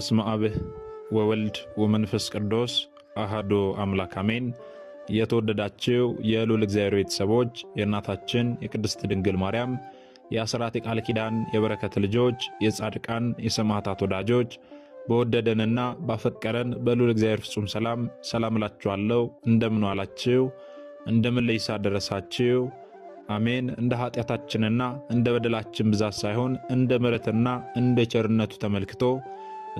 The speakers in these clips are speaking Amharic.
በስመ አብ ወወልድ ወመንፈስ ቅዱስ አሃዶ አምላክ አሜን። የተወደዳችው የልዑል እግዚአብሔር ቤተሰቦች የእናታችን የቅድስት ድንግል ማርያም የአስራት የቃል ኪዳን የበረከት ልጆች የጻድቃን የሰማዕታት ወዳጆች በወደደንና ባፈቀረን በልዑል እግዚአብሔር ፍጹም ሰላም ሰላም እላችኋለሁ። እንደምን ዋላችሁ? እንደምን ለይሳ ደረሳችሁ? አሜን። እንደ ኃጢአታችንና እንደ በደላችን ብዛት ሳይሆን እንደ ምሕረትና እንደ ቸርነቱ ተመልክቶ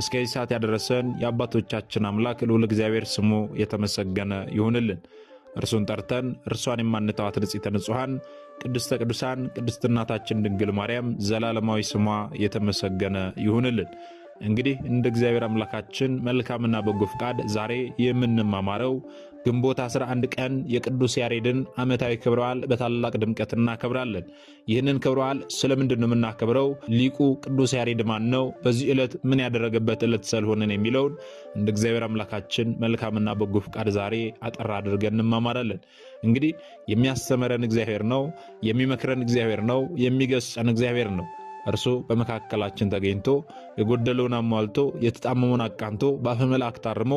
እስከዚህ ሰዓት ያደረሰን የአባቶቻችን አምላክ ልዑል እግዚአብሔር ስሙ የተመሰገነ ይሁንልን። እርሱን ጠርተን እርሷን የማንተዋት ንጽሕተ ንጹሐን ቅድስተ ቅዱሳን ቅድስት እናታችን ድንግል ማርያም ዘላለማዊ ስሟ የተመሰገነ ይሁንልን። እንግዲህ እንደ እግዚአብሔር አምላካችን መልካምና በጎ ፍቃድ ዛሬ የምንማማረው ግንቦት 11 ቀን የቅዱስ ያሬድን ዓመታዊ ክብረ በዓል በታላቅ ድምቀት እናከብራለን። ይህንን ክብረ በዓል ስለምንድን ነው የምናከብረው? ሊቁ ቅዱስ ያሬድ ማን ነው? በዚህ ዕለት ምን ያደረገበት ዕለት ስለሆነን የሚለውን እንደ እግዚአብሔር አምላካችን መልካምና በጎ ፍቃድ ዛሬ አጠር አድርገን እንማማራለን። እንግዲህ የሚያስተምረን እግዚአብሔር ነው፣ የሚመክረን እግዚአብሔር ነው፣ የሚገስጸን እግዚአብሔር ነው። እርሱ በመካከላችን ተገኝቶ የጎደለውን አሟልቶ የተጣመመውን አቃንቶ በአፈ መልአክ ታርሞ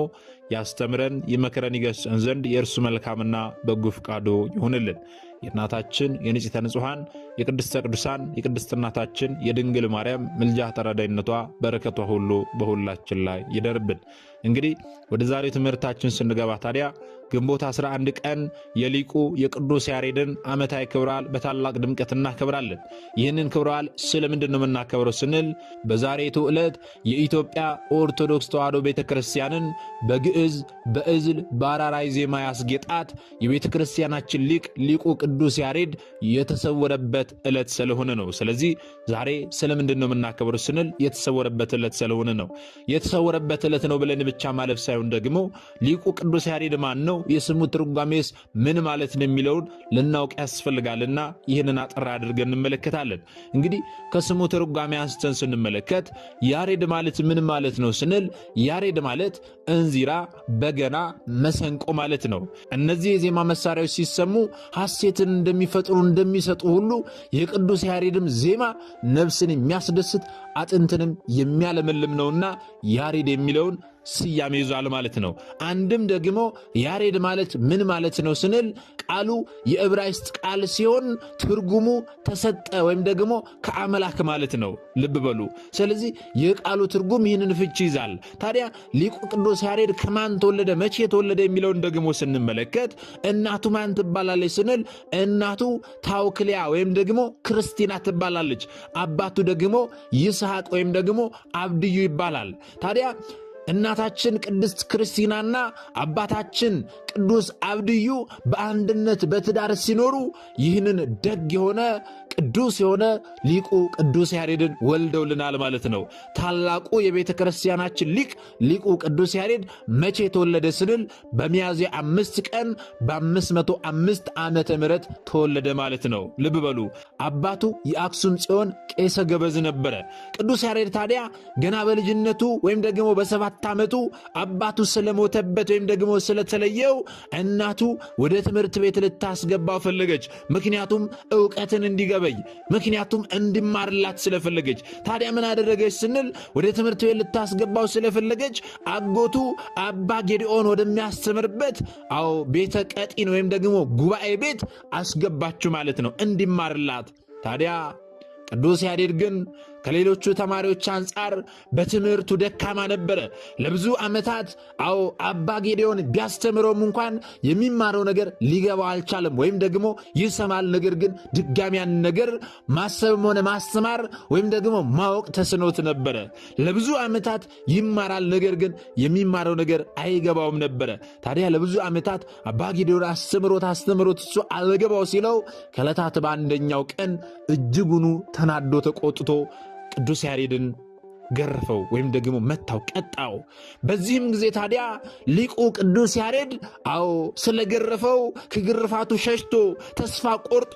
ያስተምረን ይመክረን ይገስጸን ዘንድ የእርሱ መልካምና በጎ ፍቃዱ ይሁንልን። የእናታችን የንጽሕተ ንጹሐን የቅድስተ ቅዱሳን የቅድስት እናታችን የድንግል ማርያም ምልጃ ተራዳይነቷ በረከቷ ሁሉ በሁላችን ላይ ይደርብን። እንግዲህ ወደ ዛሬው ትምህርታችን ስንገባ ታዲያ ግንቦት 11 ቀን የሊቁ የቅዱስ ያሬድን ዓመታዊ ክብረ በዓል በታላቅ ድምቀት እናከብራለን። ይህንን ክብረ በዓል ስለምንድን ነው የምናከብረው ስንል በዛሬቱ ዕለት የኢትዮጵያ ኦርቶዶክስ ተዋሕዶ ቤተ ክርስቲያንን በግዕ በግዕዝ፣ በእዝል፣ በአራራይ ዜማ ያስጌጣት የቤተ ክርስቲያናችን ሊቅ ሊቁ ቅዱስ ያሬድ የተሰወረበት ዕለት ስለሆነ ነው። ስለዚህ ዛሬ ስለምንድን ነው የምናከብረው ስንል የተሰወረበት ዕለት ስለሆነ ነው። የተሰወረበት ዕለት ነው ብለን ብቻ ማለፍ ሳይሆን ደግሞ ሊቁ ቅዱስ ያሬድ ማን ነው፣ የስሙ ትርጓሜስ ምን ማለት ነው የሚለውን ልናውቅ ያስፈልጋልና ይህንን አጠር አድርገን እንመለከታለን። እንግዲህ ከስሙ ትርጓሜ አንስተን ስንመለከት ያሬድ ማለት ምን ማለት ነው ስንል ያሬድ ማለት እንዚራ፣ በገና፣ መሰንቆ ማለት ነው። እነዚህ የዜማ መሳሪያዎች ሲሰሙ ሐሴትን እንደሚፈጥሩ እንደሚሰጡ ሁሉ የቅዱስ ያሬድም ዜማ ነፍስን የሚያስደስት አጥንትንም የሚያለመልም ነውና ያሬድ የሚለውን ስያሜ ይዟል ማለት ነው። አንድም ደግሞ ያሬድ ማለት ምን ማለት ነው ስንል ቃሉ የዕብራይስጥ ቃል ሲሆን ትርጉሙ ተሰጠ ወይም ደግሞ ከአምላክ ማለት ነው። ልብ በሉ። ስለዚህ የቃሉ ትርጉም ይህንን ፍቺ ይዛል። ታዲያ ሊቁ ቅዱስ ያሬድ ከማን ተወለደ፣ መቼ ተወለደ የሚለውን ደግሞ ስንመለከት እናቱ ማን ትባላለች ስንል እናቱ ታውክሊያ ወይም ደግሞ ክርስቲና ትባላለች። አባቱ ደግሞ ይስሐቅ ወይም ደግሞ አብድዩ ይባላል። ታዲያ እናታችን ቅድስት ክርስቲናና አባታችን ቅዱስ አብድዩ በአንድነት በትዳር ሲኖሩ ይህንን ደግ የሆነ ቅዱስ የሆነ ሊቁ ቅዱስ ያሬድን ወልደውልናል ማለት ነው። ታላቁ የቤተ ክርስቲያናችን ሊቅ ሊቁ ቅዱስ ያሬድ መቼ ተወለደ ስንል በሚያዝያ አምስት ቀን በ አምስት ዓመተ ምህረት ተወለደ ማለት ነው። ልብ በሉ አባቱ የአክሱም ጽዮን ቄሰ ገበዝ ነበረ። ቅዱስ ያሬድ ታዲያ ገና በልጅነቱ ወይም ደግሞ በሰባት በአራት ዓመቱ አባቱ ስለሞተበት ወይም ደግሞ ስለተለየው እናቱ ወደ ትምህርት ቤት ልታስገባው ፈለገች። ምክንያቱም እውቀትን እንዲገበይ፣ ምክንያቱም እንዲማርላት ስለፈለገች። ታዲያ ምን አደረገች ስንል ወደ ትምህርት ቤት ልታስገባው ስለፈለገች አጎቱ አባ ጌዲኦን ወደሚያስተምርበት አዎ ቤተ ቀጢን ወይም ደግሞ ጉባኤ ቤት አስገባችሁ ማለት ነው እንዲማርላት። ታዲያ ቅዱስ ያሬድ ግን ከሌሎቹ ተማሪዎች አንጻር በትምህርቱ ደካማ ነበረ። ለብዙ ዓመታት አዎ አባ ጌዴዎን ቢያስተምረውም እንኳን የሚማረው ነገር ሊገባው አልቻለም፣ ወይም ደግሞ ይሰማል፣ ነገር ግን ድጋሚ ያን ነገር ማሰብም ሆነ ማስተማር ወይም ደግሞ ማወቅ ተስኖት ነበረ። ለብዙ ዓመታት ይማራል፣ ነገር ግን የሚማረው ነገር አይገባውም ነበረ። ታዲያ ለብዙ ዓመታት አባ ጌዴዎን አስተምሮት አስተምሮት እሱ አልገባው ሲለው ከዕለታት በአንደኛው ቀን እጅጉኑ ተናዶ ተቆጥቶ ቅዱስ ያሬድን ገረፈው ወይም ደግሞ መታው፣ ቀጣው። በዚህም ጊዜ ታዲያ ሊቁ ቅዱስ ያሬድ አዎ ስለገረፈው ከግርፋቱ ሸሽቶ ተስፋ ቆርጦ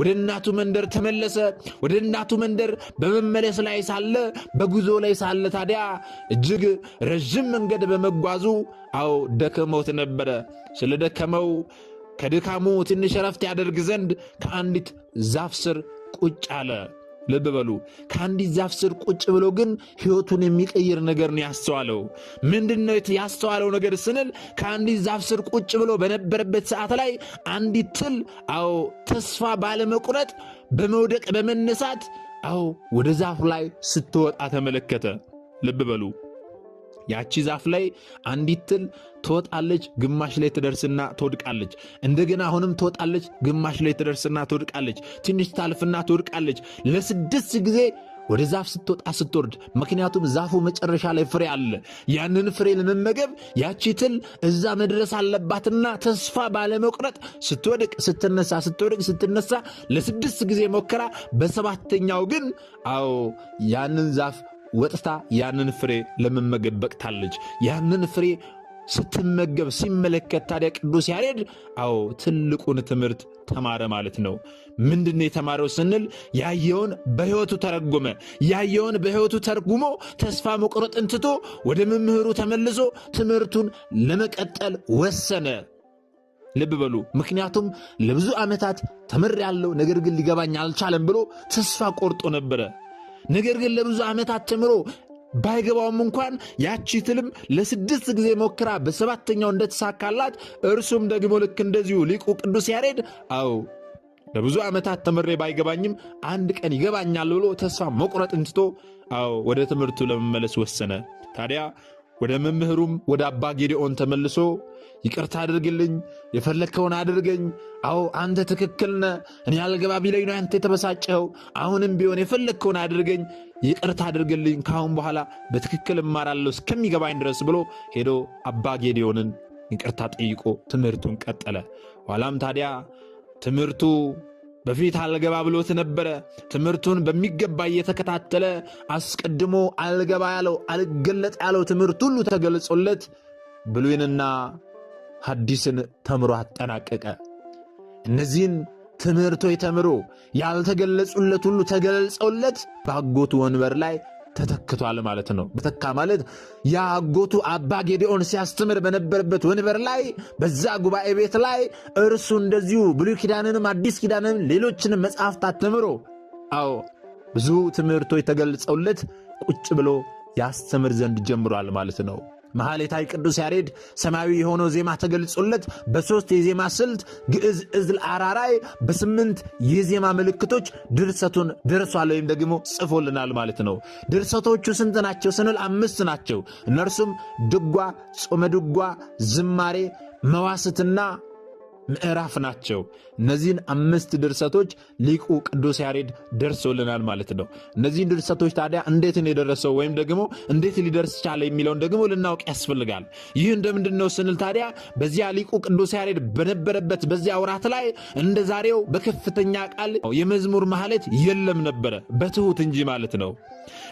ወደ እናቱ መንደር ተመለሰ። ወደ እናቱ መንደር በመመለስ ላይ ሳለ በጉዞ ላይ ሳለ ታዲያ እጅግ ረዥም መንገድ በመጓዙ አዎ ደከመውት ነበረ። ስለደከመው ከድካሙ ትንሽ ረፍት ያደርግ ዘንድ ከአንዲት ዛፍ ስር ቁጭ አለ። ልብ በሉ። ከአንዲት ዛፍ ስር ቁጭ ብሎ ግን ሕይወቱን የሚቀይር ነገር ነው ያስተዋለው። ምንድን ነው ያስተዋለው ነገር ስንል ከአንዲት ዛፍ ስር ቁጭ ብሎ በነበረበት ሰዓት ላይ አንዲት ትል፣ አዎ ተስፋ ባለመቁረጥ በመውደቅ በመነሳት፣ አዎ ወደ ዛፉ ላይ ስትወጣ ተመለከተ። ልብ በሉ። ያቺ ዛፍ ላይ አንዲት ትል ትወጣለች፣ ግማሽ ላይ ትደርስና ትወድቃለች። እንደገና አሁንም ትወጣለች፣ ግማሽ ላይ ትደርስና ትወድቃለች። ትንሽ ታልፍና ትወድቃለች። ለስድስት ጊዜ ወደ ዛፍ ስትወጣ ስትወርድ፣ ምክንያቱም ዛፉ መጨረሻ ላይ ፍሬ አለ። ያንን ፍሬ ለመመገብ ያቺ ትል እዛ መድረስ አለባትና ተስፋ ባለመቁረጥ ስትወድቅ ስትነሳ፣ ስትወድቅ ስትነሳ ለስድስት ጊዜ ሞከራ። በሰባተኛው ግን አዎ ያንን ዛፍ ወጥታ ያንን ፍሬ ለመመገብ በቅታለች። ያንን ፍሬ ስትመገብ ሲመለከት ታዲያ ቅዱስ ያሬድ አዎ ትልቁን ትምህርት ተማረ ማለት ነው። ምንድን የተማረው ስንል ያየውን በሕይወቱ ተረጎመ። ያየውን በሕይወቱ ተርጉሞ ተስፋ መቁረጥን ትቶ ወደ መምህሩ ተመልሶ ትምህርቱን ለመቀጠል ወሰነ። ልብ በሉ። ምክንያቱም ለብዙ ዓመታት ተምሬያለሁ፣ ነገር ግን ሊገባኝ አልቻለም ብሎ ተስፋ ቆርጦ ነበረ። ነገር ግን ለብዙ ዓመታት ተምሮ ባይገባውም እንኳን ያቺ ትልም ለስድስት ጊዜ ሞክራ በሰባተኛው እንደተሳካላት እርሱም ደግሞ ልክ እንደዚሁ ሊቁ ቅዱስ ያሬድ አዎ ለብዙ ዓመታት ተምሬ ባይገባኝም አንድ ቀን ይገባኛል ብሎ ተስፋ መቁረጥ እንትቶ አዎ ወደ ትምህርቱ ለመመለስ ወሰነ። ታዲያ ወደ መምህሩም ወደ አባ ጌዲኦን ተመልሶ ይቅርታ አድርግልኝ፣ የፈለግከውን አድርገኝ። አዎ አንተ ትክክል ነህ። እኔ አልገባቢ ቢለኝ ነው አንተ የተበሳጨኸው። አሁንም ቢሆን የፈለግከውን አድርገኝ፣ ይቅርታ አድርግልኝ። ከአሁን በኋላ በትክክል እማራለሁ እስከሚገባኝ ድረስ ብሎ ሄዶ አባ ጌዴዎንን ይቅርታ ጠይቆ ትምህርቱን ቀጠለ። ኋላም ታዲያ ትምህርቱ በፊት አልገባ ብሎት ነበረ። ትምህርቱን በሚገባ እየተከታተለ አስቀድሞ አልገባ ያለው አልገለጥ ያለው ትምህርት ሁሉ ተገልጾለት ብሉይንና ሐዲስን ተምሮ አጠናቀቀ። እነዚህን ትምህርቶች ተምሮ ያልተገለጹለት ሁሉ ተገልጸውለት ባጎቱ ወንበር ላይ ተተክቷል ማለት ነው። በተካ ማለት የአጎቱ አባ ጌዲኦን ሲያስተምር በነበረበት ወንበር ላይ በዛ ጉባኤ ቤት ላይ እርሱ እንደዚሁ ብሉይ ኪዳንንም አዲስ ኪዳንንም ሌሎችንም መጽሐፍት አስተምሮ አዎ ብዙ ትምህርቶች ተገልጸውለት ቁጭ ብሎ ያስተምር ዘንድ ጀምሯል ማለት ነው። መሐሌታይ ቅዱስ ያሬድ ሰማያዊ የሆነው ዜማ ተገልጾለት በሦስት የዜማ ስልት ግዕዝ፣ እዝል፣ አራራይ በስምንት የዜማ ምልክቶች ድርሰቱን ደርሷል ወይም ደግሞ ጽፎልናል ማለት ነው። ድርሰቶቹ ስንት ናቸው ስንል አምስት ናቸው። እነርሱም ድጓ፣ ጾመ ድጓ፣ ዝማሬ፣ መዋስትና ምዕራፍ ናቸው። እነዚህን አምስት ድርሰቶች ሊቁ ቅዱስ ያሬድ ደርሶልናል ማለት ነው። እነዚህን ድርሰቶች ታዲያ እንዴት ነው የደረሰው ወይም ደግሞ እንዴት ሊደርስ ቻለ የሚለውን ደግሞ ልናውቅ ያስፈልጋል። ይህ እንደምንድን ነው ስንል ታዲያ በዚያ ሊቁ ቅዱስ ያሬድ በነበረበት በዚያ ወራት ላይ እንደ ዛሬው በከፍተኛ ቃል የመዝሙር ማህሌት የለም ነበረ፣ በትሁት እንጂ ማለት ነው።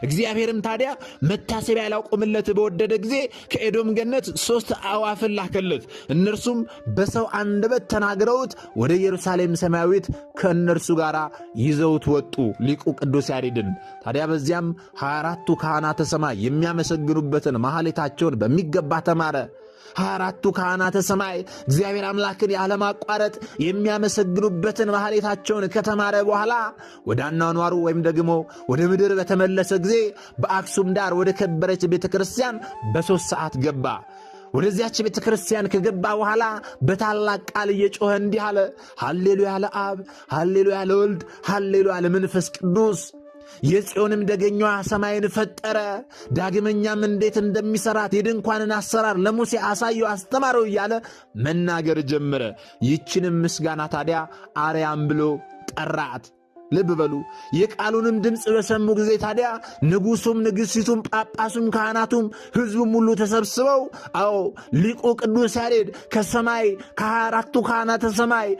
እግዚአብሔርም ታዲያ መታሰቢያ ላቆምለት በወደደ ጊዜ ከኤዶም ገነት ሶስት አዕዋፍን ላከለት። እነርሱም በሰው አንደበት ተናግረውት ወደ ኢየሩሳሌም ሰማያዊት ከእነርሱ ጋር ይዘውት ወጡ። ሊቁ ቅዱስ ያሬድን ታዲያ በዚያም ሃያ አራቱ ካህናተ ሰማይ የሚያመሰግኑበትን ማህሌታቸውን በሚገባ ተማረ። ሃያ አራቱ ካህናተ ሰማይ እግዚአብሔር አምላክን ያለማቋረጥ የሚያመሰግኑበትን ማህሌታቸውን ከተማረ በኋላ ወደ አኗኗሩ ወይም ደግሞ ወደ ምድር በተመለሰ ጊዜ በአክሱም ዳር ወደ ከበረች ቤተ ክርስቲያን በሦስት ሰዓት ገባ። ወደዚያች ቤተ ክርስቲያን ከገባ በኋላ በታላቅ ቃል እየጮኸ እንዲህ አለ፣ ሃሌሉያ ለአብ፣ ሃሌሉያ ለወልድ፣ ሃሌሉያ ለመንፈስ ቅዱስ። የጽዮንም ደገኛዋ ሰማይን ፈጠረ። ዳግመኛም እንዴት እንደሚሰራት የድንኳንን አሰራር ለሙሴ አሳየው፣ አስተማረው እያለ መናገር ጀመረ። ይችንም ምስጋና ታዲያ አርያም ብሎ ጠራት። ልብ በሉ። የቃሉንም ድምፅ በሰሙ ጊዜ ታዲያ ንጉሱም ንግሥቲቱም፣ ጳጳሱም፣ ካህናቱም ሕዝቡም ሁሉ ተሰብስበው፣ አዎ ሊቁ ቅዱስ ያሬድ ከሰማይ ከአራቱ ካህናተ ሰማይ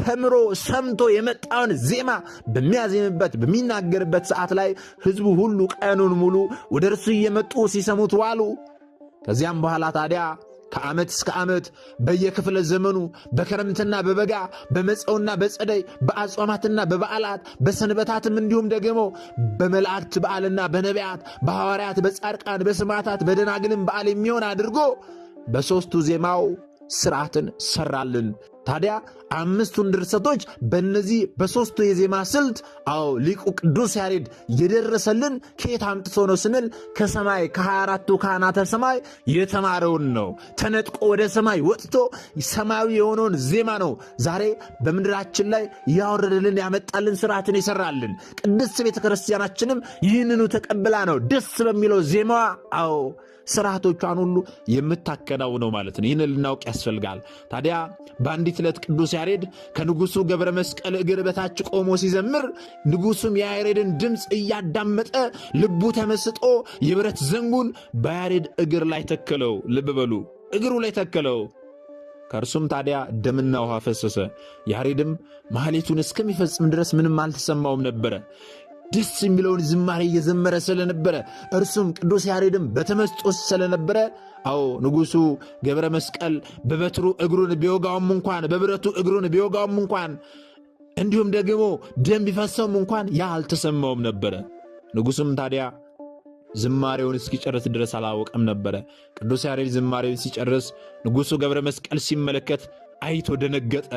ተምሮ ሰምቶ የመጣውን ዜማ በሚያዜምበት በሚናገርበት ሰዓት ላይ ሕዝቡ ሁሉ ቀኑን ሙሉ ወደ እርሱ እየመጡ ሲሰሙት ዋሉ። ከዚያም በኋላ ታዲያ ከዓመት እስከ ዓመት በየክፍለ ዘመኑ በክረምትና በበጋ በመፀውና በጸደይ በአጽዋማትና በበዓላት በሰንበታትም እንዲሁም ደግሞ በመላእክት በዓልና በነቢያት በሐዋርያት በጻድቃን በስማታት በደናግልም በዓል የሚሆን አድርጎ በሦስቱ ዜማው ስርዓትን ሰራልን። ታዲያ አምስቱን ድርሰቶች በእነዚህ በሦስቱ የዜማ ስልት አዎ ሊቁ ቅዱስ ያሬድ የደረሰልን ከየት አምጥቶ ነው ስንል ከሰማይ ከ24ቱ ካህናተ ሰማይ የተማረውን ነው። ተነጥቆ ወደ ሰማይ ወጥቶ ሰማያዊ የሆነውን ዜማ ነው ዛሬ በምድራችን ላይ ያወረደልን፣ ያመጣልን፣ ስርዓትን ይሰራልን። ቅድስት ቤተ ክርስቲያናችንም ይህንኑ ተቀብላ ነው ደስ በሚለው ዜማዋ አዎ ስርዓቶቿን ሁሉ የምታከናውነው ማለት ነው። ይህን ልናውቅ ያስፈልጋል። ታዲያ በአንዲት ዕለት ቅዱስ ያሬድ ከንጉሱ ገብረ መስቀል እግር በታች ቆሞ ሲዘምር ንጉሱም የያሬድን ድምፅ እያዳመጠ ልቡ ተመስጦ የብረት ዘንጉን በያሬድ እግር ላይ ተከለው። ልብ በሉ እግሩ ላይ ተከለው። ከእርሱም ታዲያ ደምና ውሃ ፈሰሰ። ያሬድም ማህሌቱን እስከሚፈጽም ድረስ ምንም አልተሰማውም ነበረ። ደስ የሚለውን ዝማሬ እየዘመረ ስለነበረ እርሱም ቅዱስ ያሬድም በተመስጦ ስለነበረ አዎ ንጉሱ ገብረ መስቀል በበትሩ እግሩን ቢወጋውም እንኳን በብረቱ እግሩን ቢወጋውም እንኳን እንዲሁም ደግሞ ደም ቢፈሰውም እንኳን ያ አልተሰማውም ነበረ። ንጉሱም ታዲያ ዝማሬውን እስኪጨርስ ድረስ አላወቀም ነበረ። ቅዱስ ያሬድ ዝማሬውን ሲጨርስ ንጉሱ ገብረ መስቀል ሲመለከት አይቶ ደነገጠ።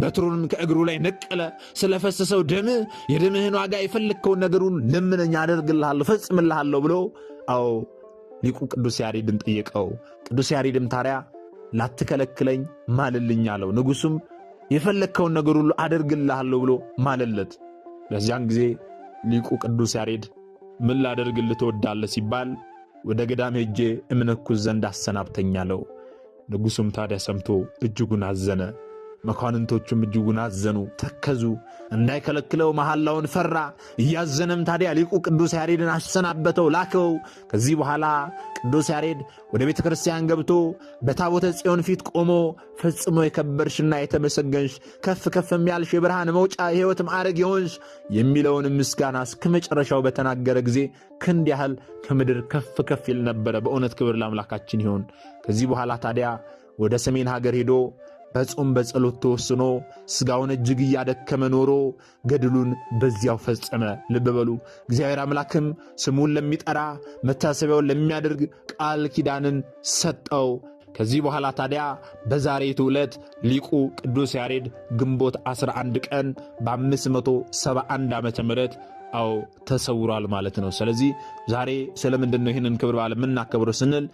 በትሩንም ከእግሩ ላይ ነቀለ። ስለፈሰሰው ደምህ የደምህን ዋጋ የፈለግከውን ነገሩን ልምነኝ፣ አደርግልሃለሁ፣ ፈጽምልሃለሁ ብሎ አዎ ሊቁ ቅዱስ ያሬድን ጠየቀው። ቅዱስ ያሬድም ታዲያ ላትከለክለኝ ማልልኝ አለው። ንጉሱም የፈለግከውን ነገር ሁሉ አደርግልሃለሁ ብሎ ማለለት። በዚያን ጊዜ ሊቁ ቅዱስ ያሬድ ምን ላደርግልህ ትወዳለህ ሲባል ወደ ገዳም ሄጄ እምነኩስ ዘንድ አሰናብተኛለው ንጉሡም ታዲያ ሰምቶ እጅጉን አዘነ። መኳንንቶቹም እጅጉን አዘኑ፣ ተከዙ። እንዳይከለክለው መሐላውን ፈራ። እያዘነም ታዲያ ሊቁ ቅዱስ ያሬድን አሰናበተው፣ ላከው። ከዚህ በኋላ ቅዱስ ያሬድ ወደ ቤተ ክርስቲያን ገብቶ በታቦተ ጽዮን ፊት ቆሞ ፈጽሞ የከበርሽና የተመሰገንሽ ከፍ ከፍ የሚያልሽ የብርሃን መውጫ የሕይወት ማዕረግ የሆንሽ የሚለውን ምስጋና እስከ መጨረሻው በተናገረ ጊዜ ክንድ ያህል ከምድር ከፍ ከፍ ይል ነበረ። በእውነት ክብር ለአምላካችን ይሆን። ከዚህ በኋላ ታዲያ ወደ ሰሜን ሀገር ሄዶ በጾም በጸሎት ተወስኖ ሥጋውን እጅግ እያደከመ ኖሮ ገድሉን በዚያው ፈጸመ። ልብ በሉ። እግዚአብሔር አምላክም ስሙን ለሚጠራ መታሰቢያውን ለሚያደርግ ቃል ኪዳንን ሰጠው። ከዚህ በኋላ ታዲያ በዛሬቱ ዕለት ሊቁ ቅዱስ ያሬድ ግንቦት 11 ቀን በ571 ዓ ም አዎ ተሰውሯል ማለት ነው። ስለዚህ ዛሬ ስለምንድን ነው ይህንን ክብር በዓል የምናከብረው ስንል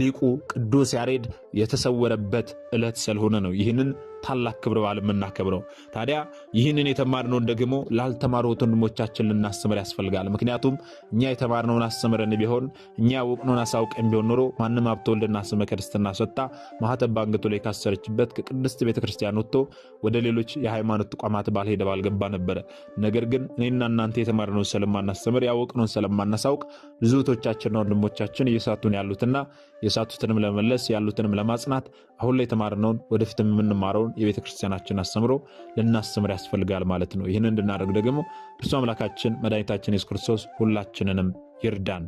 ሊቁ ቅዱስ ያሬድ የተሰወረበት ዕለት ስለሆነ ነው። ይህንን ታላቅ ክብረ በዓል የምናከብረው። ታዲያ ይህንን የተማርነውን ደግሞ ላልተማሩ ወንድሞቻችን ልናስተምር ያስፈልጋል። ምክንያቱም እኛ የተማርነውን አስተምረን ቢሆን እኛ ያወቅነውን አሳውቀን ቢሆን ኖሮ ማንም ሀብተ ወልድና ስመ ክርስትና ሰጥታ ማኅተብ በአንገቱ ላይ ካሰረችበት ከቅድስት ቤተ ክርስቲያን ወጥቶ ወደ ሌሎች የሃይማኖት ተቋማት ባልሄደ ባልገባ ነበረ። ነገር ግን እኔና እናንተ የተማርነውን ስለማናስተምር ያወቅነውን ስለማናሳውቅ ብዙቶቻችንና ወንድሞቻችን እየሳቱን ያሉትና የሳቱትንም ለመመለስ ያሉትንም ለማጽናት አሁን ላይ የተማርነውን ወደፊትም የምንማረውን የቤተ ክርስቲያናችን አስተምሮ ልናስተምር ያስፈልጋል ማለት ነው። ይህን እንድናደርግ ደግሞ እርሱ አምላካችን መድኃኒታችን የሱስ ክርስቶስ ሁላችንንም ይርዳን።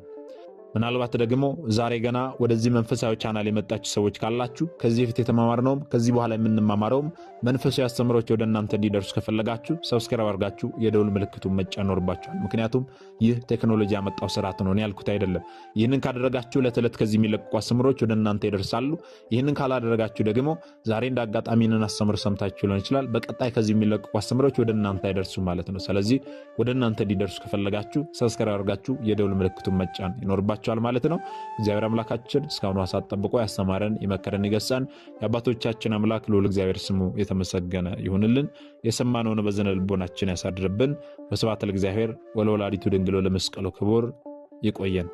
ምናልባት ደግሞ ዛሬ ገና ወደዚህ መንፈሳዊ ቻናል የመጣችሁ ሰዎች ካላችሁ ከዚህ በፊት የተማማርነውም ከዚህ በኋላ የምንማማረውም መንፈሳዊ አስተምሮች ወደ እናንተ እንዲደርሱ ከፈለጋችሁ ሰብስክራይብ አድርጋችሁ የደውል ምልክቱን መጫን ይኖርባችኋል። ምክንያቱም ይህ ቴክኖሎጂ ያመጣው ስርዓት ነው፣ እኔ ያልኩት አይደለም። ይህንን ካደረጋችሁ ዕለት ዕለት ከዚህ የሚለቀቁ አስተምሮች ወደ እናንተ ይደርሳሉ። ይህንን ካላደረጋችሁ ደግሞ ዛሬ እንደ አጋጣሚንን አስተምሮ ሰምታችሁ ሊሆን ይችላል። በቀጣይ ከዚህ የሚለቀቁ አስተምሮች ወደ እናንተ አይደርሱም ማለት ነው። ስለዚህ ወደ እናንተ እንዲደርሱ ከፈለጋችሁ ሰብስክራይብ አድርጋችሁ የደውል ምልክቱን መጫን ይኖርባችሁ ይኖራቸዋል ማለት ነው። እግዚአብሔር አምላካችን እስካሁኑ ሰዓት ጠብቆ ያስተማረን የመከረን ይገሳን የአባቶቻችን አምላክ ልዑል እግዚአብሔር ስሙ የተመሰገነ ይሁንልን። የሰማነውን በዝነ ልቦናችን ያሳድርብን። ወስብሐት ለእግዚአብሔር ወለወላዲቱ ድንግሎ ወለመስቀሉ ክቡር ይቆየን።